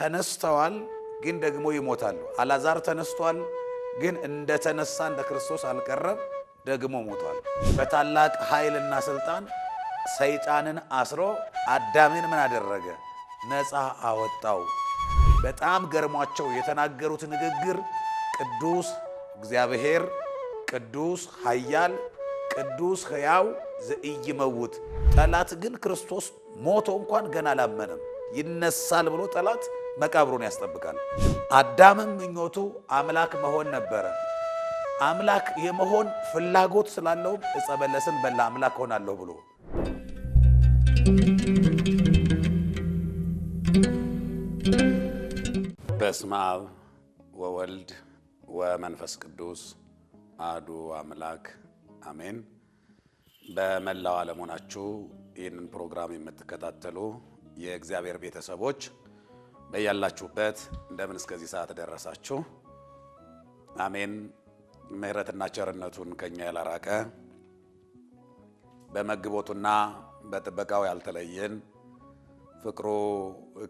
ተነስተዋል፣ ግን ደግሞ ይሞታሉ። አላዛር ተነስቷል፣ ግን እንደተነሳ እንደ ክርስቶስ አልቀረም፣ ደግሞ ሞቷል። በታላቅ ኃይልና ስልጣን ሰይጣንን አስሮ አዳምን ምን አደረገ? ነፃ አወጣው። በጣም ገርሟቸው የተናገሩት ንግግር ቅዱስ እግዚአብሔር ቅዱስ ኃያል ቅዱስ ሕያው ዘኢይመውት ጠላት ግን ክርስቶስ ሞቶ እንኳን ገና አላመነም። ይነሳል ብሎ ጠላት መቃብሩን ያስጠብቃል። አዳምም ምኞቱ አምላክ መሆን ነበረ። አምላክ የመሆን ፍላጎት ስላለውም ዕፀ በለስን በላ፣ አምላክ ሆናለሁ ብሎ በስመ አብ ወወልድ ወመንፈስ ቅዱስ አዱ አምላክ አሜን። በመላው ዓለም ሆናችሁ ይህንን ፕሮግራም የምትከታተሉ የእግዚአብሔር ቤተሰቦች በያላችሁበት እንደምን እስከዚህ ሰዓት ደረሳችሁ። አሜን። ምሕረትና ቸርነቱን ከኛ ያላራቀ በመግቦቱና በጥበቃው ያልተለየን ፍቅሩ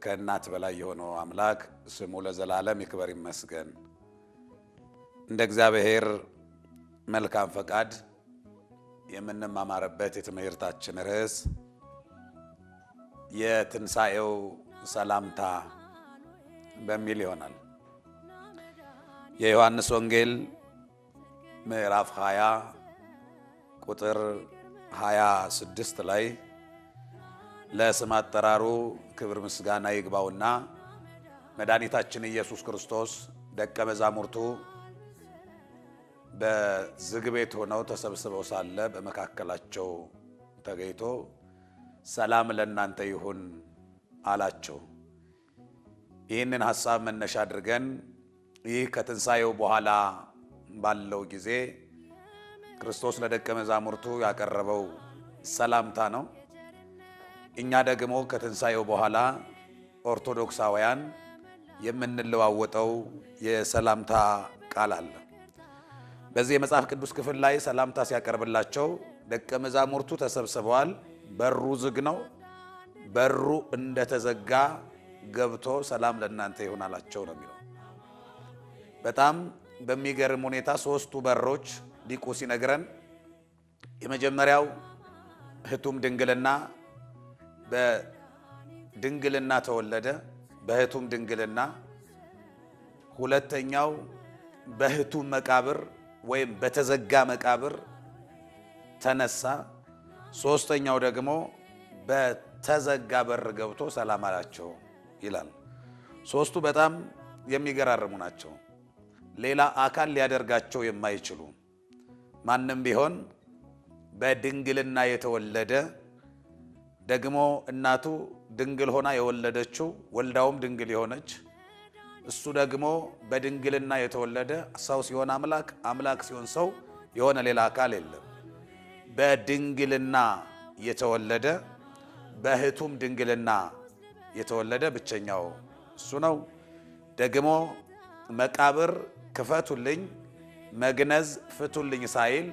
ከእናት በላይ የሆነው አምላክ ስሙ ለዘላለም ይክበር ይመስገን። እንደ እግዚአብሔር መልካም ፈቃድ የምንማማርበት የትምህርታችን ርዕስ የትንሣኤው ሰላምታ በሚል ይሆናል። የዮሐንስ ወንጌል ምዕራፍ 20 ቁጥር 26 ላይ ለስም አጠራሩ ክብር ምስጋና ይግባውና መድኃኒታችን ኢየሱስ ክርስቶስ ደቀ መዛሙርቱ በዝግ ቤት ሆነው ተሰብስበው ሳለ በመካከላቸው ተገኝቶ ሰላም ለእናንተ ይሁን አላቸው። ይህንን ሀሳብ መነሻ አድርገን ይህ ከትንሣኤው በኋላ ባለው ጊዜ ክርስቶስ ለደቀ መዛሙርቱ ያቀረበው ሰላምታ ነው። እኛ ደግሞ ከትንሣኤው በኋላ ኦርቶዶክሳውያን የምንለዋወጠው የሰላምታ ቃል አለ። በዚህ የመጽሐፍ ቅዱስ ክፍል ላይ ሰላምታ ሲያቀርብላቸው ደቀ መዛሙርቱ ተሰብስበዋል። በሩ ዝግ ነው። በሩ እንደተዘጋ ገብቶ ሰላም ለእናንተ ይሁን አላቸው ነው የሚለው። በጣም በሚገርም ሁኔታ ሶስቱ በሮች ሊቁ ሲነግረን የመጀመሪያው እህቱም ድንግልና በድንግልና ተወለደ፣ በህቱም ድንግልና። ሁለተኛው በህቱም መቃብር ወይም በተዘጋ መቃብር ተነሳ። ሶስተኛው ደግሞ በተዘጋ በር ገብቶ ሰላም አላቸው። ይላል። ሶስቱ በጣም የሚገራርሙ ናቸው። ሌላ አካል ሊያደርጋቸው የማይችሉ ማንም ቢሆን በድንግልና የተወለደ ደግሞ እናቱ ድንግል ሆና የወለደችው ወልዳውም ድንግል የሆነች እሱ ደግሞ በድንግልና የተወለደ ሰው ሲሆን አምላክ አምላክ ሲሆን ሰው የሆነ ሌላ አካል የለም። በድንግልና የተወለደ በሕቱም ድንግልና የተወለደ ብቸኛው እሱ ነው። ደግሞ መቃብር ክፈቱልኝ መግነዝ ፍቱልኝ ሳይል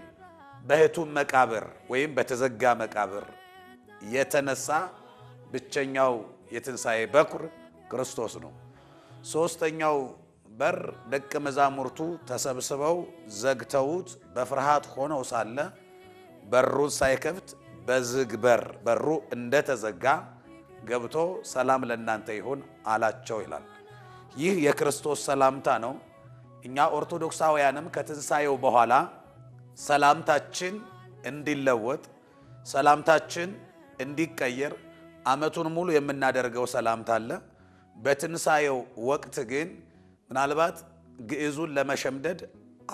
በህቱም መቃብር ወይም በተዘጋ መቃብር የተነሳ ብቸኛው የትንሣኤ በኩር ክርስቶስ ነው። ሦስተኛው በር ደቀ መዛሙርቱ ተሰብስበው ዘግተውት በፍርሃት ሆነው ሳለ በሩን ሳይከፍት በዝግ በር በሩ እንደተዘጋ ገብቶ ሰላም ለእናንተ ይሁን አላቸው ይላል። ይህ የክርስቶስ ሰላምታ ነው። እኛ ኦርቶዶክሳውያንም ከትንሣኤው በኋላ ሰላምታችን እንዲለወጥ ሰላምታችን እንዲቀየር ዓመቱን ሙሉ የምናደርገው ሰላምታ አለ። በትንሣኤው ወቅት ግን ምናልባት ግዕዙን ለመሸምደድ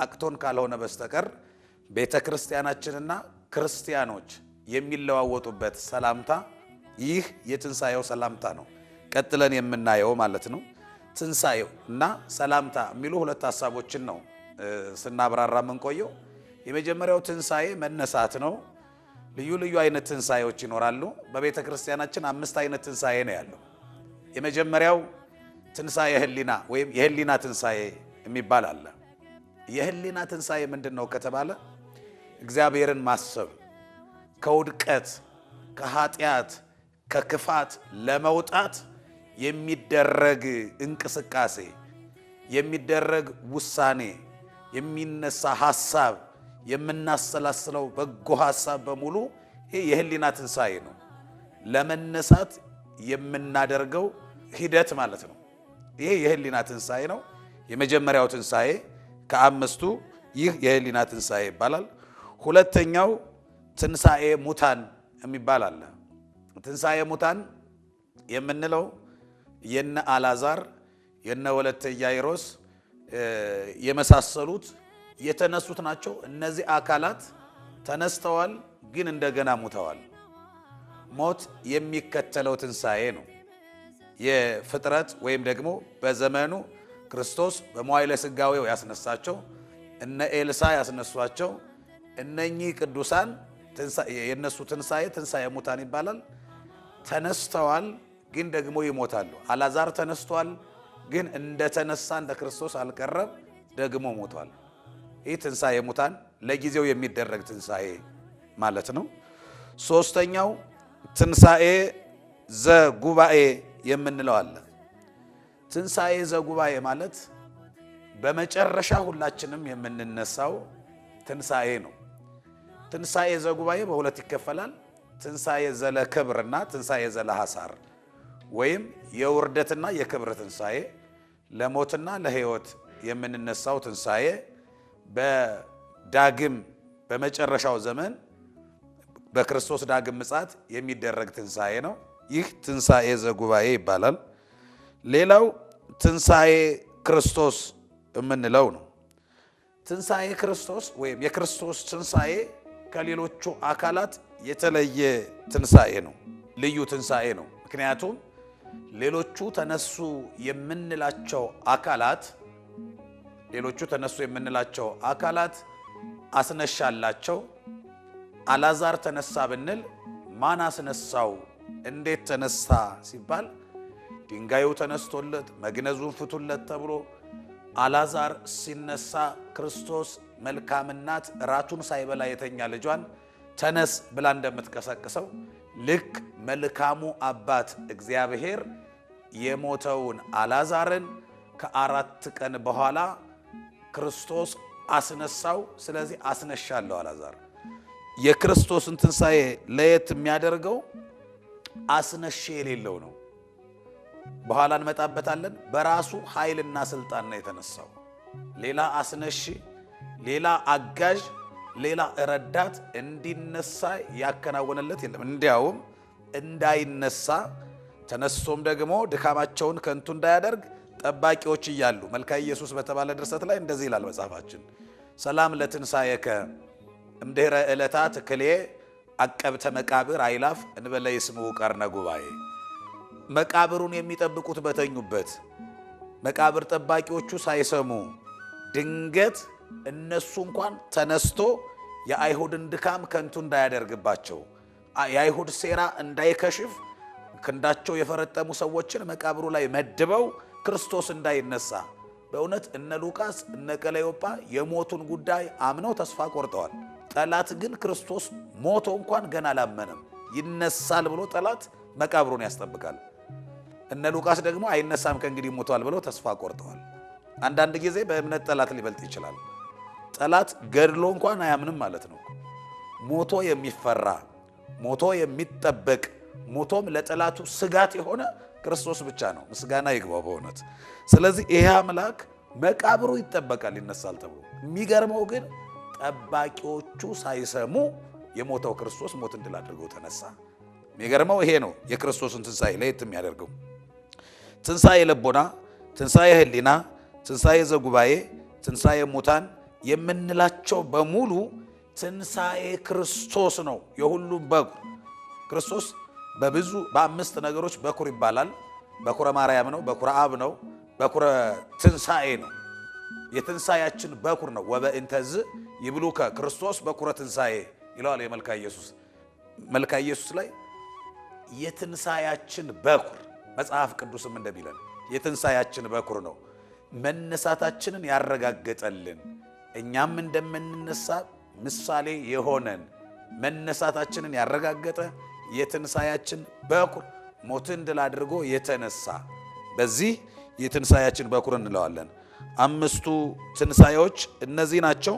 አቅቶን ካልሆነ በስተቀር ቤተ ክርስቲያናችንና ክርስቲያኖች የሚለዋወጡበት ሰላምታ ይህ የትንሣኤው ሰላምታ ነው። ቀጥለን የምናየው ማለት ነው ትንሣኤው እና ሰላምታ የሚሉ ሁለት ሀሳቦችን ነው ስናብራራ የምንቆየው። የመጀመሪያው ትንሣኤ መነሳት ነው። ልዩ ልዩ አይነት ትንሣኤዎች ይኖራሉ። በቤተ ክርስቲያናችን አምስት አይነት ትንሣኤ ነው ያለው። የመጀመሪያው ትንሣኤ ህሊና ወይም የህሊና ትንሣኤ የሚባል አለ። የህሊና ትንሣኤ ምንድን ነው ከተባለ እግዚአብሔርን ማሰብ ከውድቀት ከኃጢአት ከክፋት ለመውጣት የሚደረግ እንቅስቃሴ፣ የሚደረግ ውሳኔ፣ የሚነሳ ሐሳብ፣ የምናሰላስለው በጎ ሐሳብ በሙሉ ይህ የህሊና ትንሣኤ ነው። ለመነሳት የምናደርገው ሂደት ማለት ነው። ይሄ የህሊና ትንሣኤ ነው። የመጀመሪያው ትንሣኤ ከአምስቱ ይህ የህሊና ትንሣኤ ይባላል። ሁለተኛው ትንሣኤ ሙታን የሚባል አለ። ትንሣኤ ሙታን የምንለው የነ አላዛር የነ ወለተ ያይሮስ የመሳሰሉት የተነሱት ናቸው። እነዚህ አካላት ተነስተዋል፣ ግን እንደገና ሙተዋል። ሞት የሚከተለው ትንሣኤ ነው። የፍጥረት ወይም ደግሞ በዘመኑ ክርስቶስ በመዋዕለ ሥጋዌው ያስነሳቸው እነ ኤልሳ ያስነሷቸው እነኚህ ቅዱሳን የእነሱ ትንሣኤ ትንሣኤ ሙታን ይባላል። ተነስተዋል፣ ግን ደግሞ ይሞታሉ። አላዛር ተነስቷል፣ ግን እንደተነሳ እንደ ክርስቶስ አልቀረብ፣ ደግሞ ሞቷል። ይህ ትንሣኤ ሙታን ለጊዜው የሚደረግ ትንሣኤ ማለት ነው። ሶስተኛው ትንሣኤ ዘጉባኤ የምንለው አለ። ትንሣኤ ዘጉባኤ ማለት በመጨረሻ ሁላችንም የምንነሳው ትንሣኤ ነው። ትንሣኤ ዘጉባኤ በሁለት ይከፈላል። ትንሣኤ ዘለ ክብርና ትንሣኤ ዘለ ሐሳር ወይም የውርደትና የክብር ትንሣኤ ለሞትና ለሕይወት የምንነሳው ትንሣኤ በዳግም በመጨረሻው ዘመን በክርስቶስ ዳግም ምጻት የሚደረግ ትንሣኤ ነው። ይህ ትንሣኤ ዘጉባኤ ይባላል። ሌላው ትንሣኤ ክርስቶስ የምንለው ነው። ትንሣኤ ክርስቶስ ወይም የክርስቶስ ትንሣኤ ከሌሎቹ አካላት የተለየ ትንሣኤ ነው፣ ልዩ ትንሣኤ ነው። ምክንያቱም ሌሎቹ ተነሱ የምንላቸው አካላት ሌሎቹ ተነሱ የምንላቸው አካላት አስነሻላቸው። አላዛር ተነሳ ብንል ማን አስነሳው? እንዴት ተነሳ ሲባል ድንጋዩ ተነስቶለት መግነዙን ፍቱለት ተብሎ አላዛር ሲነሳ ክርስቶስ መልካምናት እራቱን ሳይበላ የተኛ ልጇን ተነስ ብላ እንደምትቀሰቅሰው ልክ መልካሙ አባት እግዚአብሔር የሞተውን አላዛርን ከአራት ቀን በኋላ ክርስቶስ አስነሳው። ስለዚህ አስነሻለሁ አላዛር የክርስቶስን ትንሣኤ ለየት የሚያደርገው አስነሼ የሌለው ነው። በኋላ እንመጣበታለን። በራሱ ኃይልና ስልጣን ነው የተነሳው። ሌላ አስነሺ፣ ሌላ አጋዥ ሌላ ረዳት እንዲነሳ ያከናወነለት የለም። እንዲያውም እንዳይነሳ ተነስቶም ደግሞ ድካማቸውን ከንቱ እንዳያደርግ ጠባቂዎች እያሉ መልካ ኢየሱስ በተባለ ድርሰት ላይ እንደዚህ ይላል መጽሐፋችን። ሰላም ለትንሣኤከ እምድኅረ ዕለታት ክሌ አቀብተ መቃብር አይላፍ እንበለ ይስሙ ቀርነ ጉባኤ። መቃብሩን የሚጠብቁት በተኙበት መቃብር ጠባቂዎቹ ሳይሰሙ ድንገት እነሱ እንኳን ተነስቶ የአይሁድን ድካም ከንቱ እንዳያደርግባቸው የአይሁድ ሴራ እንዳይከሽፍ ክንዳቸው የፈረጠሙ ሰዎችን መቃብሩ ላይ መድበው ክርስቶስ እንዳይነሳ በእውነት እነ ሉቃስ እነ ቀለዮጳ የሞቱን ጉዳይ አምነው ተስፋ ቆርጠዋል። ጠላት ግን ክርስቶስ ሞቶ እንኳን ገና አላመነም። ይነሳል ብሎ ጠላት መቃብሩን ያስጠብቃል። እነ ሉቃስ ደግሞ አይነሳም ከእንግዲህ ሞቷል ብለው ተስፋ ቆርጠዋል። አንዳንድ ጊዜ በእምነት ጠላት ሊበልጥ ይችላል። ጠላት ገድሎ እንኳን አያምንም ማለት ነው። ሞቶ የሚፈራ ሞቶ የሚጠበቅ ሞቶም ለጠላቱ ስጋት የሆነ ክርስቶስ ብቻ ነው። ምስጋና ይግባው በእውነት። ስለዚህ ይሄ አምላክ መቃብሩ ይጠበቃል ይነሳል ተብሎ የሚገርመው ግን ጠባቂዎቹ ሳይሰሙ የሞተው ክርስቶስ ሞት እንድል አድርገው ተነሳ። የሚገርመው ይሄ ነው የክርስቶስን ትንሣኤ ለየት የሚያደርገው። ትንሣኤ ልቦና፣ ትንሣኤ ህሊና፣ ትንሣኤ ዘጉባኤ፣ ትንሣኤ ሙታን የምንላቸው በሙሉ ትንሣኤ ክርስቶስ ነው። የሁሉ በኩር ክርስቶስ በብዙ በአምስት ነገሮች በኩር ይባላል። በኩረ ማርያም ነው፣ በኩረ አብ ነው፣ በኩረ ትንሣኤ ነው። የትንሣኤያችን በኩር ነው። ወበእንተዝ ይብሉከ ክርስቶስ በኩረ ትንሣኤ ይለዋል የመልካ ኢየሱስ። መልካ ኢየሱስ ላይ የትንሣኤያችን በኩር መጽሐፍ ቅዱስም እንደሚለን የትንሣኤያችን በኩር ነው፣ መነሳታችንን ያረጋገጠልን እኛም እንደምንነሳ ምሳሌ የሆነን መነሳታችንን ያረጋገጠ የትንሣያችን በኩር ሞትን ድል አድርጎ የተነሳ በዚህ የትንሣያችን በኩር እንለዋለን። አምስቱ ትንሣኤዎች እነዚህ ናቸው።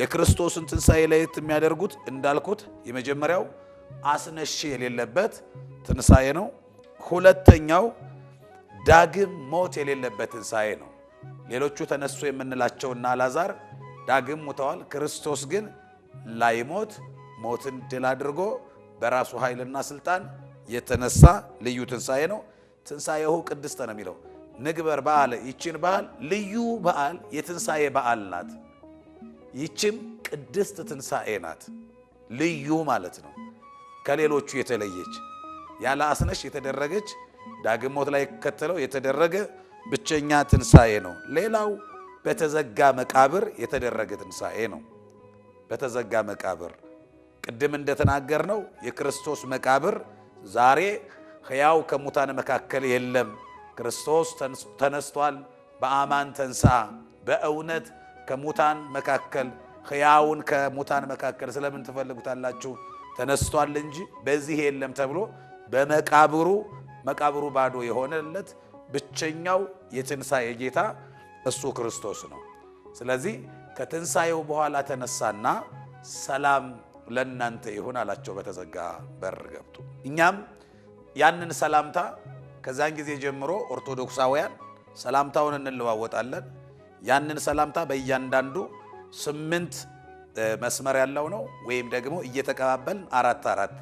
የክርስቶስን ትንሣኤ ለየት የሚያደርጉት እንዳልኩት የመጀመሪያው አስነሺ የሌለበት ትንሣኤ ነው። ሁለተኛው ዳግም ሞት የሌለበት ትንሣኤ ነው። ሌሎቹ ተነሱ የምንላቸውና አላዛር ዳግም ሙተዋል። ክርስቶስ ግን ላይሞት ሞትን ድል አድርጎ በራሱ ኃይልና ስልጣን የተነሳ ልዩ ትንሣኤ ነው። ትንሣኤሁ ቅድስተ ነው የሚለው ንግበር በዓለ ይችን በዓል ልዩ በዓል የትንሣኤ በዓል ናት። ይችም ቅድስት ትንሣኤ ናት። ልዩ ማለት ነው። ከሌሎቹ የተለየች ያለ አስነሽ የተደረገች ዳግም ሞት ላይ ከተለው የተደረገ ብቸኛ ትንሣኤ ነው። ሌላው በተዘጋ መቃብር የተደረገ ትንሣኤ ነው። በተዘጋ መቃብር ቅድም እንደተናገር ነው የክርስቶስ መቃብር ዛሬ ሕያው ከሙታን መካከል የለም። ክርስቶስ ተነስቷል። በአማን ተንሳ በእውነት ከሙታን መካከል ሕያውን ከሙታን መካከል ስለምን ትፈልጉታላችሁ? ተነስቷል እንጂ በዚህ የለም ተብሎ በመቃብሩ መቃብሩ ባዶ የሆነለት ብቸኛው የትንሣኤ ጌታ እሱ ክርስቶስ ነው። ስለዚህ ከትንሣኤው በኋላ ተነሳና ሰላም ለእናንተ ይሁን አላቸው በተዘጋ በር ገብቶ። እኛም ያንን ሰላምታ ከዛን ጊዜ ጀምሮ ኦርቶዶክሳውያን ሰላምታውን እንለዋወጣለን። ያንን ሰላምታ በእያንዳንዱ ስምንት መስመር ያለው ነው ወይም ደግሞ እየተቀባበልን አራት አራት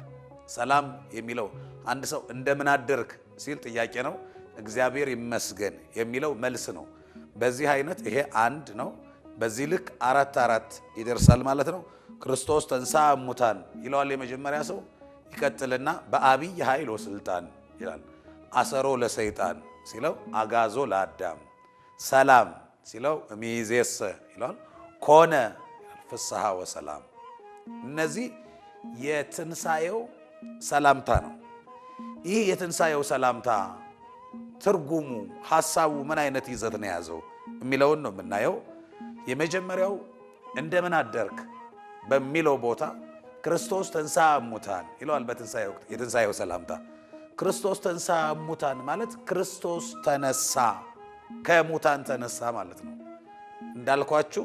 ሰላም የሚለው አንድ ሰው እንደምን አደርክ ሲል ጥያቄ ነው። እግዚአብሔር ይመስገን የሚለው መልስ ነው። በዚህ አይነት ይሄ አንድ ነው። በዚህ ልክ አራት አራት ይደርሳል ማለት ነው። ክርስቶስ ተንሳ ሙታን ይለዋል የመጀመሪያ ሰው፣ ይቀጥልና በአብይ ኃይል ወስልጣን ይላል። አሰሮ ለሰይጣን ሲለው አጋዞ ለአዳም፣ ሰላም ሲለው ሚዜሰ ይለዋል። ኮነ ፍስሐ ወሰላም። እነዚህ የትንሣኤው ሰላምታ ነው። ይህ የትንሣኤው ሰላምታ ትርጉሙ ሐሳቡ ምን አይነት ይዘት ነው የያዘው የሚለውን ነው የምናየው። የመጀመሪያው እንደምን አደርክ በሚለው ቦታ ክርስቶስ ተንሳ ሙታን ይለዋል። በትንሳኤ ወቅት የትንሳኤው ሰላምታ ክርስቶስ ተንሳ ሙታን ማለት ክርስቶስ ተነሳ፣ ከሙታን ተነሳ ማለት ነው። እንዳልኳችሁ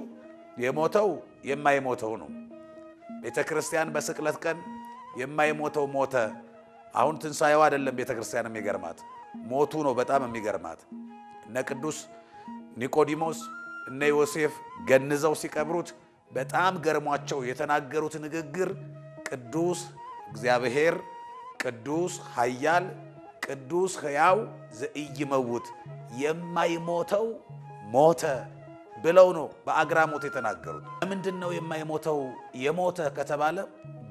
የሞተው የማይሞተው ነው። ቤተ ክርስቲያን በስቅለት ቀን የማይሞተው ሞተ። አሁን ትንሣኤው አይደለም ቤተ ክርስቲያን የሚገርማት ሞቱ ነው በጣም የሚገርማት። እነ ቅዱስ ኒቆዲሞስ እነ ዮሴፍ ገንዘው ሲቀብሩት በጣም ገርሟቸው የተናገሩት ንግግር ቅዱስ እግዚአብሔር ቅዱስ ኃያል ቅዱስ ሕያው ዘኢይመውት የማይሞተው ሞተ ብለው ነው በአግራሞት የተናገሩት። ለምንድን ነው የማይሞተው የሞተ ከተባለ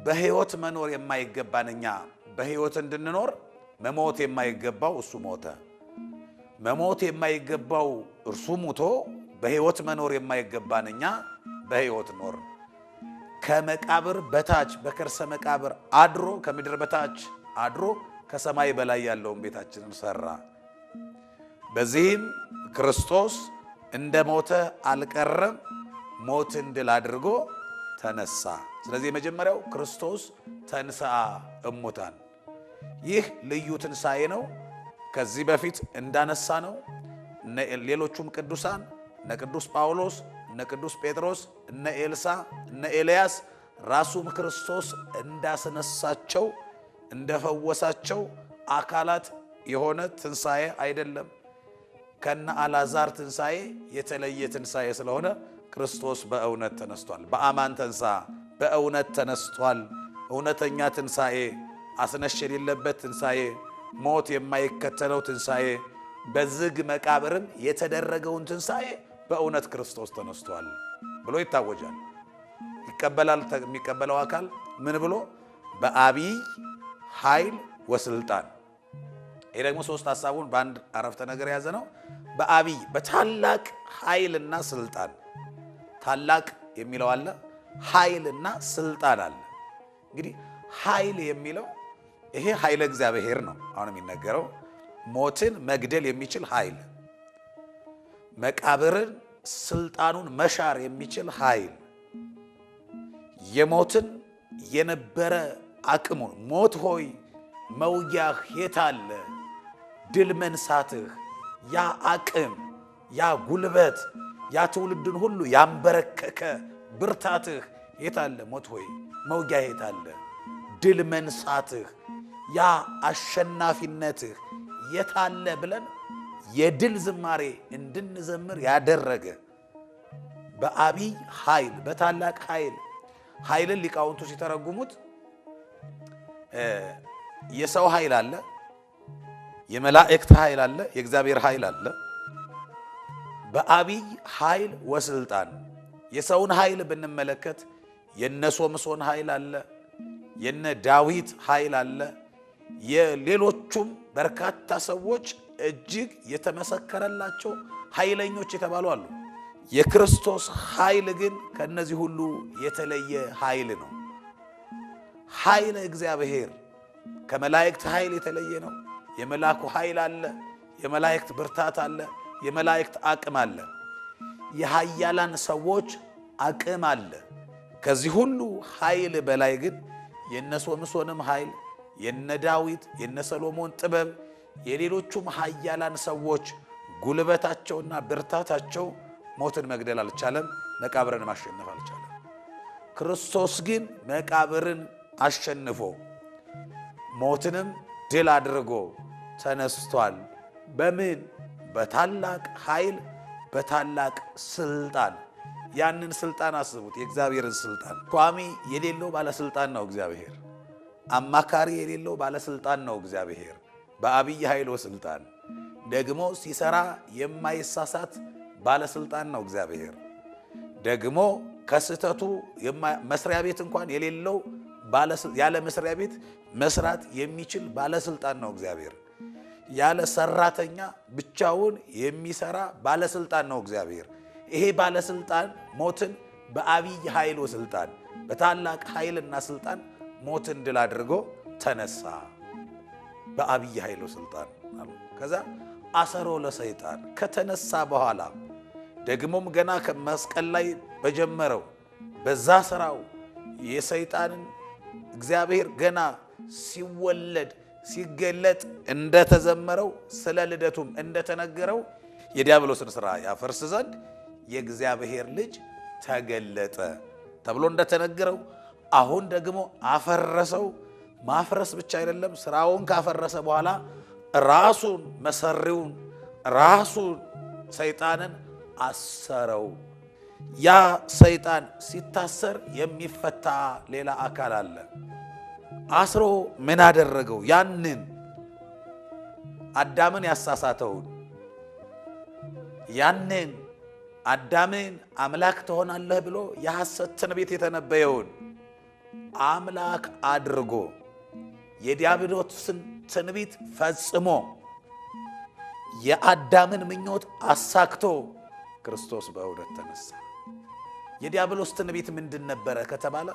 በሕይወት መኖር የማይገባን እኛ በሕይወት እንድንኖር መሞት የማይገባው እሱ ሞተ። መሞት የማይገባው እርሱ ሙቶ በሕይወት መኖር የማይገባን እኛ በሕይወት ኖር። ከመቃብር በታች በከርሰ መቃብር አድሮ ከምድር በታች አድሮ ከሰማይ በላይ ያለውን ቤታችንን ሰራ። በዚህም ክርስቶስ እንደ ሞተ አልቀረም፣ ሞትን ድል አድርጎ ተነሳ። ስለዚህ የመጀመሪያው ክርስቶስ ተንሥአ እሙታን ይህ ልዩ ትንሣኤ ነው። ከዚህ በፊት እንዳነሳ ነው ሌሎቹም ቅዱሳን እነ ቅዱስ ጳውሎስ፣ እነ ቅዱስ ጴጥሮስ፣ እነ ኤልሳ፣ እነ ኤልያስ ራሱም ክርስቶስ እንዳስነሳቸው እንደፈወሳቸው አካላት የሆነ ትንሣኤ አይደለም። ከነ አላዛር ትንሣኤ የተለየ ትንሣኤ ስለሆነ ክርስቶስ በእውነት ተነስቷል። በአማን ተንሳ በእውነት ተነስቷል። እውነተኛ ትንሣኤ አስነሽ የሌለበት ትንሣኤ፣ ሞት የማይከተለው ትንሣኤ፣ በዝግ መቃብርም የተደረገውን ትንሣኤ በእውነት ክርስቶስ ተነስቷል ብሎ ይታወጃል። ይቀበላል። የሚቀበለው አካል ምን ብሎ? በአቢይ ኃይል ወስልጣን። ይህ ደግሞ ሶስት ሀሳቡን በአንድ አረፍተ ነገር የያዘ ነው። በአቢይ በታላቅ ኃይልና ስልጣን፣ ታላቅ የሚለው አለ፣ ኃይልና ስልጣን አለ። እንግዲህ ኃይል የሚለው ይሄ ኃይለ እግዚአብሔር ነው። አሁን የሚነገረው ሞትን መግደል የሚችል ኃይል፣ መቃብርን ስልጣኑን መሻር የሚችል ኃይል፣ የሞትን የነበረ አቅሙን ሞት ሆይ መውጊያህ የታለ ድል መንሳትህ ያ አቅም ያ ጉልበት ያ ትውልድን ሁሉ ያንበረከከ ብርታትህ የታለ ሞት ሆይ መውጊያ የታለ ድል መንሳትህ ያ አሸናፊነትህ የታለ ብለን የድል ዝማሬ እንድንዘምር ያደረገ በአቢይ ኃይል በታላቅ ኃይል ኃይልን ሊቃውንቱ ሲተረጉሙት የሰው ኃይል አለ፣ የመላእክት ኃይል አለ፣ የእግዚአብሔር ኃይል አለ። በአቢይ ኃይል ወስልጣን የሰውን ኃይል ብንመለከት የነ ሶምሶን ኃይል አለ፣ የነ ዳዊት ኃይል አለ የሌሎቹም በርካታ ሰዎች እጅግ የተመሰከረላቸው ኃይለኞች የተባሉ አሉ። የክርስቶስ ኃይል ግን ከእነዚህ ሁሉ የተለየ ኃይል ነው። ኃይለ እግዚአብሔር ከመላእክት ኃይል የተለየ ነው። የመላኩ ኃይል አለ፣ የመላእክት ብርታት አለ፣ የመላእክት አቅም አለ፣ የሃያላን ሰዎች አቅም አለ። ከዚህ ሁሉ ኃይል በላይ ግን የነሶምሶንም ኃይል የነ ዳዊት የነ ሰሎሞን ጥበብ የሌሎቹም ሀያላን ሰዎች ጉልበታቸውና ብርታታቸው ሞትን መግደል አልቻለም፣ መቃብርን ማሸነፍ አልቻለም። ክርስቶስ ግን መቃብርን አሸንፎ ሞትንም ድል አድርጎ ተነስቷል። በምን? በታላቅ ኃይል፣ በታላቅ ስልጣን። ያንን ስልጣን አስቡት፣ የእግዚአብሔርን ስልጣን። ቋሚ የሌለው ባለስልጣን ነው እግዚአብሔር። አማካሪ የሌለው ባለስልጣን ነው እግዚአብሔር። በአብይ ኃይሎ ስልጣን ደግሞ ሲሰራ የማይሳሳት ባለስልጣን ነው እግዚአብሔር። ደግሞ ከስህተቱ መስሪያ ቤት እንኳን የሌለው ያለ መስሪያ ቤት መስራት የሚችል ባለስልጣን ነው እግዚአብሔር። ያለ ሰራተኛ ብቻውን የሚሰራ ባለስልጣን ነው እግዚአብሔር። ይሄ ባለስልጣን ሞትን በአብይ ኃይሎ ስልጣን በታላቅ ኃይልና ስልጣን ሞትን ድል አድርጎ ተነሳ በአብይ ኃይሉ ስልጣን አሉ። ከዛ አሰሮ ለሰይጣን ከተነሳ በኋላ ደግሞም ገና ከመስቀል ላይ በጀመረው በዛ ስራው የሰይጣንን እግዚአብሔር ገና ሲወለድ ሲገለጥ እንደተዘመረው ስለ ልደቱም እንደተነገረው የዲያብሎስን ስራ ያፈርስ ዘንድ የእግዚአብሔር ልጅ ተገለጠ ተብሎ እንደተነገረው አሁን ደግሞ አፈረሰው። ማፍረስ ብቻ አይደለም፣ ስራውን ካፈረሰ በኋላ ራሱን መሰሪውን ራሱን ሰይጣንን አሰረው። ያ ሰይጣን ሲታሰር የሚፈታ ሌላ አካል አለ። አስሮ ምን አደረገው? ያንን አዳምን ያሳሳተውን ያንን አዳምን አምላክ ትሆናለህ ብሎ የሐሰት ትንቢት የተነበየውን አምላክ አድርጎ የዲያብሎስን ትንቢት ፈጽሞ የአዳምን ምኞት አሳክቶ ክርስቶስ በእውነት ተነሳ። የዲያብሎስ ትንቢት ምንድን ነበረ ከተባለ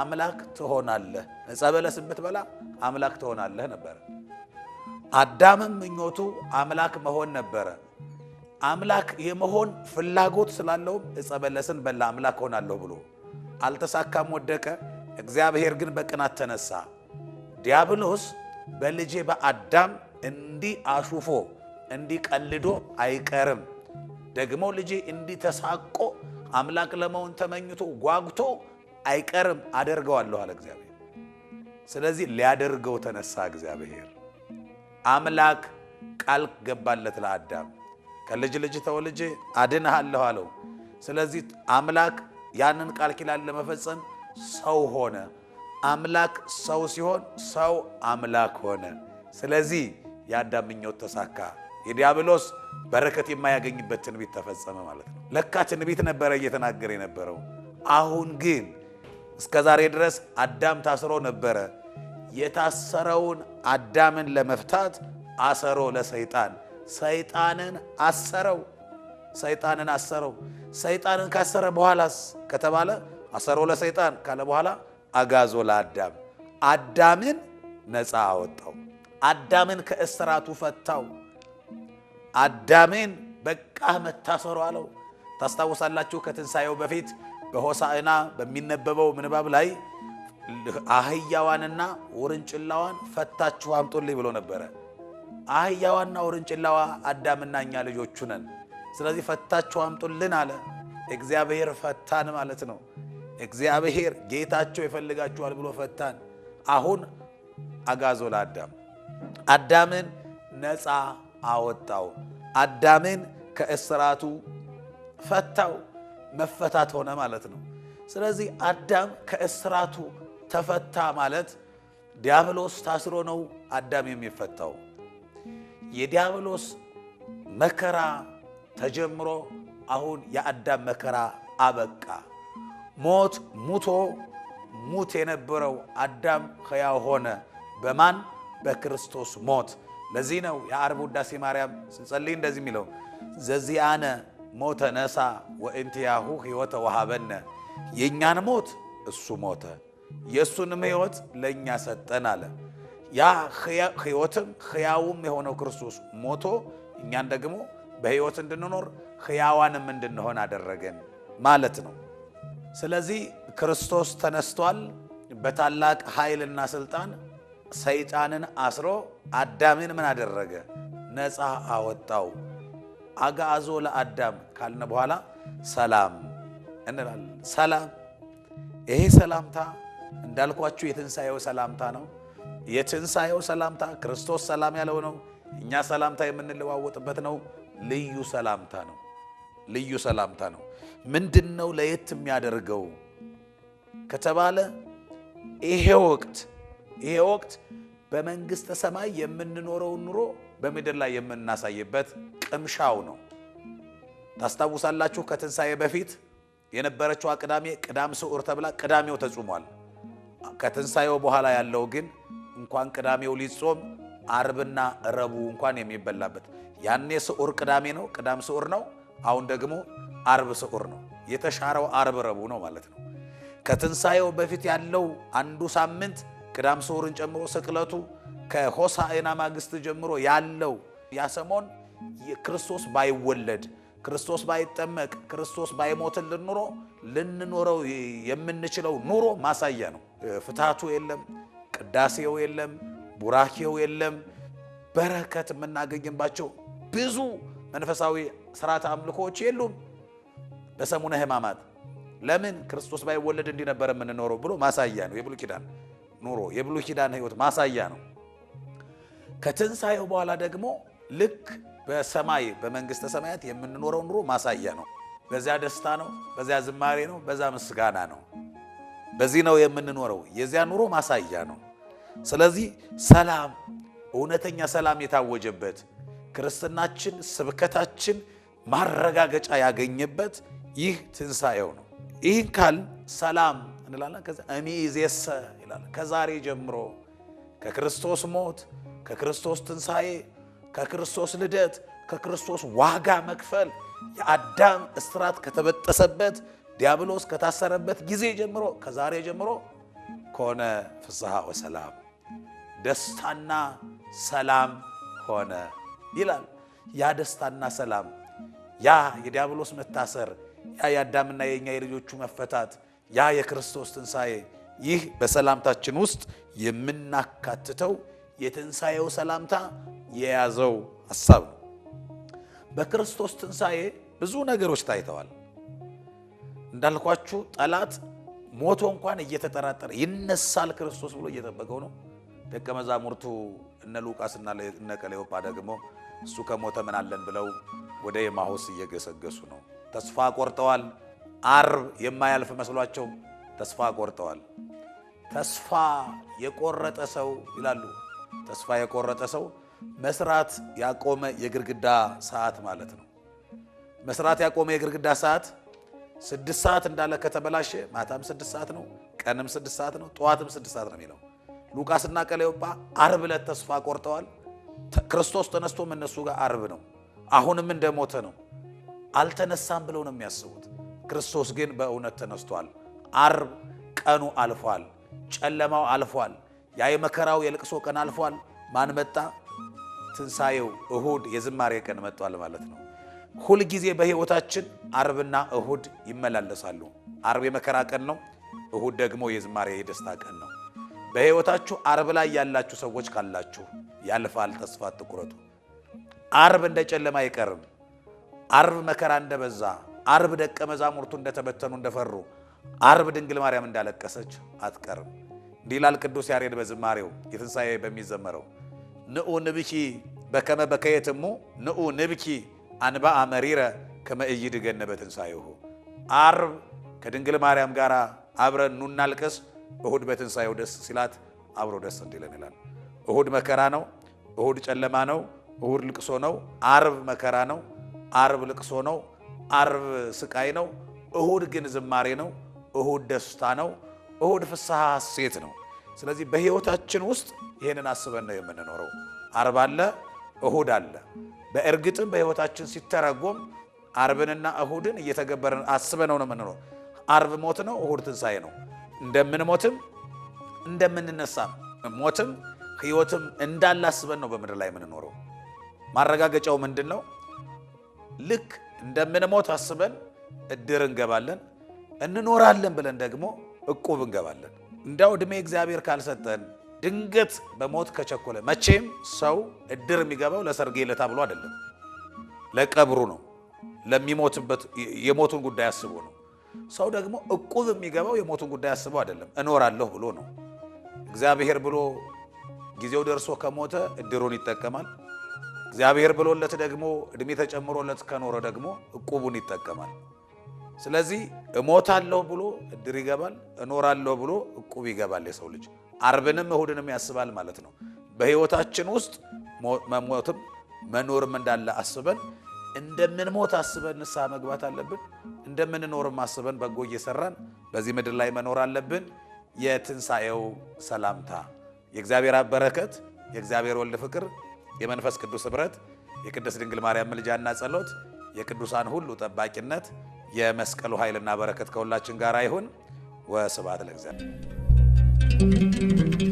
አምላክ ትሆናለህ፣ ዕፀ በለስን ብትበላ አምላክ ትሆናለህ ነበረ። አዳምም ምኞቱ አምላክ መሆን ነበረ። አምላክ የመሆን ፍላጎት ስላለውም ዕፀ በለስን በላ፣ አምላክ ሆናለሁ ብሎ አልተሳካም፣ ወደቀ። እግዚአብሔር ግን በቅናት ተነሳ። ዲያብሎስ በልጄ በአዳም እንዲህ አሹፎ እንዲህ ቀልዶ አይቀርም። ደግሞ ልጄ እንዲህ ተሳቆ አምላክ ለመሆን ተመኝቶ ጓጉቶ አይቀርም፣ አደርገዋለሁ አለ እግዚአብሔር። ስለዚህ ሊያደርገው ተነሳ። እግዚአብሔር አምላክ ቃል ገባለት ለአዳም ከልጅ ልጅ ተወልጄ አድንሃለሁ አለው። ስለዚህ አምላክ ያንን ቃል ኪዳን ለመፈጸም ሰው ሆነ። አምላክ ሰው ሲሆን ሰው አምላክ ሆነ። ስለዚህ የአዳም ምኞት ተሳካ። የዲያብሎስ በረከት የማያገኝበት ትንቢት ተፈጸመ ማለት ነው። ለካ ትንቢት ነበረ እየተናገረ የነበረው። አሁን ግን እስከ ዛሬ ድረስ አዳም ታስሮ ነበረ። የታሰረውን አዳምን ለመፍታት አሰሮ ለሰይጣን ሰይጣንን አሰረው። ሰይጣንን አሰረው። ሰይጣንን ካሰረ በኋላስ ከተባለ አሰሮ ለሰይጣን ካለ በኋላ አጋዞ ለአዳም አዳምን ነፃ አወጣው። አዳምን ከእስራቱ ፈታው። አዳምን በቃ መታሰሮ አለው። ታስታውሳላችሁ፣ ከትንሣኤው በፊት በሆሳዕና በሚነበበው ምንባብ ላይ አህያዋንና ውርንጭላዋን ፈታችሁ አምጡልኝ ብሎ ነበረ። አህያዋና ውርንጭላዋ አዳምና እኛ ልጆቹ ነን። ስለዚህ ፈታችሁ አምጡልን አለ። እግዚአብሔር ፈታን ማለት ነው። እግዚአብሔር ጌታቸው ይፈልጋችኋል ብሎ ፈታን። አሁን አጋዞ ለአዳም አዳምን ነፃ አወጣው። አዳምን ከእስራቱ ፈታው። መፈታት ሆነ ማለት ነው። ስለዚህ አዳም ከእስራቱ ተፈታ ማለት ዲያብሎስ ታስሮ ነው አዳም የሚፈታው። የዲያብሎስ መከራ ተጀምሮ አሁን የአዳም መከራ አበቃ። ሞት ሙቶ ሙት የነበረው አዳም ሕያው ሆነ በማን በክርስቶስ ሞት ለዚህ ነው የዓርብ ውዳሴ ማርያም ስንጸልይ እንደዚህ የሚለው ዘዚአነ ሞተ ነሳ ወእንቲያሁ ሕይወተ ወሃበነ የእኛን ሞት እሱ ሞተ የእሱንም ሕይወት ለእኛ ሰጠን አለ ያ ሕይወትም ሕያውም የሆነው ክርስቶስ ሞቶ እኛን ደግሞ በሕይወት እንድንኖር ሕያዋንም እንድንሆን አደረገን ማለት ነው ስለዚህ ክርስቶስ ተነስቷል። በታላቅ ኃይልና ስልጣን ሰይጣንን አስሮ አዳምን ምን አደረገ? ነፃ አወጣው። አጋዞ ለአዳም ካልነ በኋላ ሰላም እንላለን። ሰላም ይሄ ሰላምታ እንዳልኳችሁ የትንሣኤው ሰላምታ ነው። የትንሣኤው ሰላምታ ክርስቶስ ሰላም ያለው ነው። እኛ ሰላምታ የምንለዋወጥበት ነው። ልዩ ሰላምታ ነው። ልዩ ሰላምታ ነው። ምንድን ነው ለየት የሚያደርገው ከተባለ ይሄ ወቅት ይሄ ወቅት በመንግሥተ ሰማይ የምንኖረውን ኑሮ በምድር ላይ የምናሳይበት ቅምሻው ነው። ታስታውሳላችሁ፣ ከትንሣኤ በፊት የነበረችዋ ቅዳሜ ቅዳም ስዑር ተብላ ቅዳሜው ተጾሟል። ከትንሣኤው በኋላ ያለው ግን እንኳን ቅዳሜው ሊጾም አርብና ረቡ እንኳን የሚበላበት ያኔ ስዑር ቅዳሜ ነው፣ ቅዳም ስዑር ነው። አሁን ደግሞ አርብ ስዑር ነው። የተሻረው አርብ ረቡዕ ነው ማለት ነው። ከትንሣኤው በፊት ያለው አንዱ ሳምንት ቅዳም ስዑርን ጨምሮ ስቅለቱ፣ ከሆሳዕና ማግስት ጀምሮ ያለው ያ ሰሞን ክርስቶስ ባይወለድ ክርስቶስ ባይጠመቅ ክርስቶስ ባይሞትልን ኑሮ ልንኖረው የምንችለው ኑሮ ማሳያ ነው። ፍታቱ የለም፣ ቅዳሴው የለም፣ ቡራኬው የለም። በረከት የምናገኝባቸው ብዙ መንፈሳዊ ስርዓተ አምልኮዎች የሉም በሰሙነ ህማማት ለምን ክርስቶስ ባይወለድ እንዲነበር የምንኖረው ብሎ ማሳያ ነው። የብሉ ኪዳን ኑሮ የብሉ ኪዳን ህይወት ማሳያ ነው። ከትንሣኤው በኋላ ደግሞ ልክ በሰማይ በመንግሥተ ሰማያት የምንኖረው ኑሮ ማሳያ ነው። በዚያ ደስታ ነው፣ በዚያ ዝማሬ ነው፣ በዛ ምስጋና ነው። በዚህ ነው የምንኖረው። የዚያ ኑሮ ማሳያ ነው። ስለዚህ ሰላም፣ እውነተኛ ሰላም የታወጀበት ክርስትናችን ስብከታችን ማረጋገጫ ያገኘበት ይህ ትንሣኤው ነው። ይህን ካል ሰላም እንላለን። ከዛ እሚይዜሰ ይላል። ከዛሬ ጀምሮ ከክርስቶስ ሞት፣ ከክርስቶስ ትንሣኤ፣ ከክርስቶስ ልደት፣ ከክርስቶስ ዋጋ መክፈል የአዳም እስራት ከተበጠሰበት ዲያብሎስ ከታሰረበት ጊዜ ጀምሮ ከዛሬ ጀምሮ ከሆነ ፍስሐ ወሰላም ደስታና ሰላም ሆነ ይላል። ያ ደስታና ሰላም ያ የዲያብሎስ መታሰር፣ ያ የአዳምና የእኛ የልጆቹ መፈታት፣ ያ የክርስቶስ ትንሣኤ፣ ይህ በሰላምታችን ውስጥ የምናካትተው የትንሣኤው ሰላምታ የያዘው ሐሳብ ነው። በክርስቶስ ትንሣኤ ብዙ ነገሮች ታይተዋል። እንዳልኳችሁ ጠላት ሞቶ እንኳን እየተጠራጠረ ይነሳል ክርስቶስ ብሎ እየጠበቀው ነው። ደቀ መዛሙርቱ እነ ሉቃስና እነ ቀሌዮጳ ደግሞ እሱ ከሞተ ምን አለን ብለው ወደ የማሆስ እየገሰገሱ ነው። ተስፋ ቆርጠዋል። አርብ የማያልፍ መስሏቸው ተስፋ ቆርጠዋል። ተስፋ የቆረጠ ሰው ይላሉ። ተስፋ የቆረጠ ሰው መስራት ያቆመ የግድግዳ ሰዓት ማለት ነው። መስራት ያቆመ የግድግዳ ሰዓት ስድስት ሰዓት እንዳለ ከተበላሸ ማታም ስድስት ሰዓት ነው፣ ቀንም ስድስት ሰዓት ነው፣ ጠዋትም ስድስት ሰዓት ነው የሚለው ሉቃስና ቀለዮጳ አርብ ዕለት ተስፋ ቆርጠዋል። ክርስቶስ ተነስቶም እነሱ ጋር አርብ ነው። አሁንም እንደሞተ ነው። አልተነሳም ብለው ነው የሚያስቡት። ክርስቶስ ግን በእውነት ተነስቷል። አርብ ቀኑ አልፏል። ጨለማው አልፏል። ያ የመከራው የልቅሶ ቀን አልፏል። ማን መጣ? ትንሣኤው እሁድ የዝማሬ ቀን መጥቷል ማለት ነው። ሁልጊዜ በሕይወታችን አርብና እሁድ ይመላለሳሉ። አርብ የመከራ ቀን ነው። እሁድ ደግሞ የዝማሬ የደስታ ቀን ነው። በሕይወታችሁ አርብ ላይ ያላችሁ ሰዎች ካላችሁ ያልፋል። ተስፋ አትቁረጡ። አርብ እንደ ጨለማ አይቀርም። አርብ መከራ እንደበዛ፣ አርብ ደቀ መዛሙርቱ እንደተበተኑ እንደፈሩ፣ አርብ ድንግል ማርያም እንዳለቀሰች አትቀርም። እንዲህ ይላል ቅዱስ ያሬድ በዝማሬው የትንሣኤ በሚዘመረው ንዑ ንብኪ በከመ በከየትሙ ንዑ ንብኪ አንባአ መሪረ ከመ ኢይድገነ በትንሣኤሁ። አርብ ከድንግል ማርያም ጋር አብረን ኑ እናልቅስ፣ እሁድ በትንሣኤው ደስ ሲላት አብሮ ደስ እንዲለን ይላል። እሁድ መከራ ነው። እሁድ ጨለማ ነው፣ እሁድ ልቅሶ ነው። አርብ መከራ ነው፣ አርብ ልቅሶ ነው፣ አርብ ስቃይ ነው። እሁድ ግን ዝማሬ ነው፣ እሁድ ደስታ ነው፣ እሁድ ፍስሐ ሐሴት ነው። ስለዚህ በሕይወታችን ውስጥ ይህንን አስበን ነው የምንኖረው። አርብ አለ፣ እሁድ አለ። በእርግጥም በሕይወታችን ሲተረጎም አርብንና እሁድን እየተገበርን አስበነው ነው የምንኖረው። አርብ ሞት ነው፣ እሁድ ትንሣኤ ነው። እንደምንሞትም እንደምንነሳም ሞትም ህይወትም እንዳላስበን ነው በምድር ላይ የምንኖረው። ማረጋገጫው ምንድን ነው? ልክ እንደምንሞት አስበን እድር እንገባለን፣ እንኖራለን ብለን ደግሞ እቁብ እንገባለን። እንዳው ዕድሜ እግዚአብሔር ካልሰጠን ድንገት በሞት ከቸኮለ መቼም ሰው እድር የሚገባው ለሰርጌ ለታ ብሎ አይደለም፣ ለቀብሩ ነው፣ ለሚሞትበት የሞቱን ጉዳይ አስቦ ነው። ሰው ደግሞ እቁብ የሚገባው የሞቱን ጉዳይ አስቦ አይደለም፣ እኖራለሁ ብሎ ነው። እግዚአብሔር ብሎ ጊዜው ደርሶ ከሞተ እድሩን ይጠቀማል። እግዚአብሔር ብሎለት ደግሞ እድሜ ተጨምሮለት ከኖረ ደግሞ እቁቡን ይጠቀማል። ስለዚህ እሞታለሁ ብሎ እድር ይገባል፣ እኖራለሁ ብሎ እቁብ ይገባል። የሰው ልጅ አርብንም እሁድንም ያስባል ማለት ነው። በህይወታችን ውስጥ መሞትም መኖርም እንዳለ አስበን እንደምን ሞት አስበን ንስሐ መግባት አለብን። እንደምንኖርም አስበን በጎ እየሰራን በዚህ ምድር ላይ መኖር አለብን። የትንሣኤው ሰላምታ የእግዚአብሔር አብ በረከት፣ የእግዚአብሔር ወልድ ፍቅር፣ የመንፈስ ቅዱስ ኅብረት፣ የቅድስት ድንግል ማርያም ምልጃና ጸሎት፣ የቅዱሳን ሁሉ ጠባቂነት፣ የመስቀሉ ኃይልና በረከት ከሁላችን ጋር ይሁን። ወስብሐት ለእግዚአብሔር።